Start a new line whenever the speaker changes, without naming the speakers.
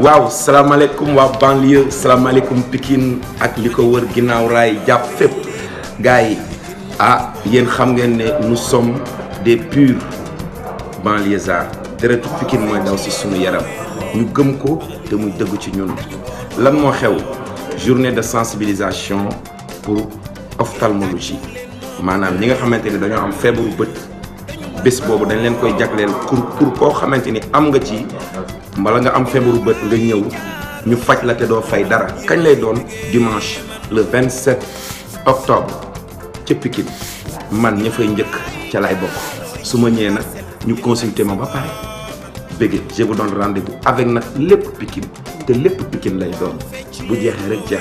waaw salam wa banlieue Banlieu, Pikine ak liko wër ginnaaw ray japp fep. Gaay ah yeen xam ngeen nous sommes des purs banlieusards deretu Pikine mooy daw dans sunu yaram ñu gëm ko te muy dëgg ci ñun lan xew journée de sensibilisation pour ophtalmologie Manam, ñi nga pas ni am fièvre bët bés bobu dañ leen koy jagleel pour pour ko xamanteni am nga ci mbala nga am feebaru bët nga ñëw ñu faj la te doo fay dara kañ lay doon dimanche le vingt 27 octobre ca Pikine man ña fay njëkk ca lay bokk su ma ñëwee nag ñu consulter ma ba pare bëgge je vous donne rendez avec nag lépp Pikine te lépp Pikine lay doon bu jeexee rek jeex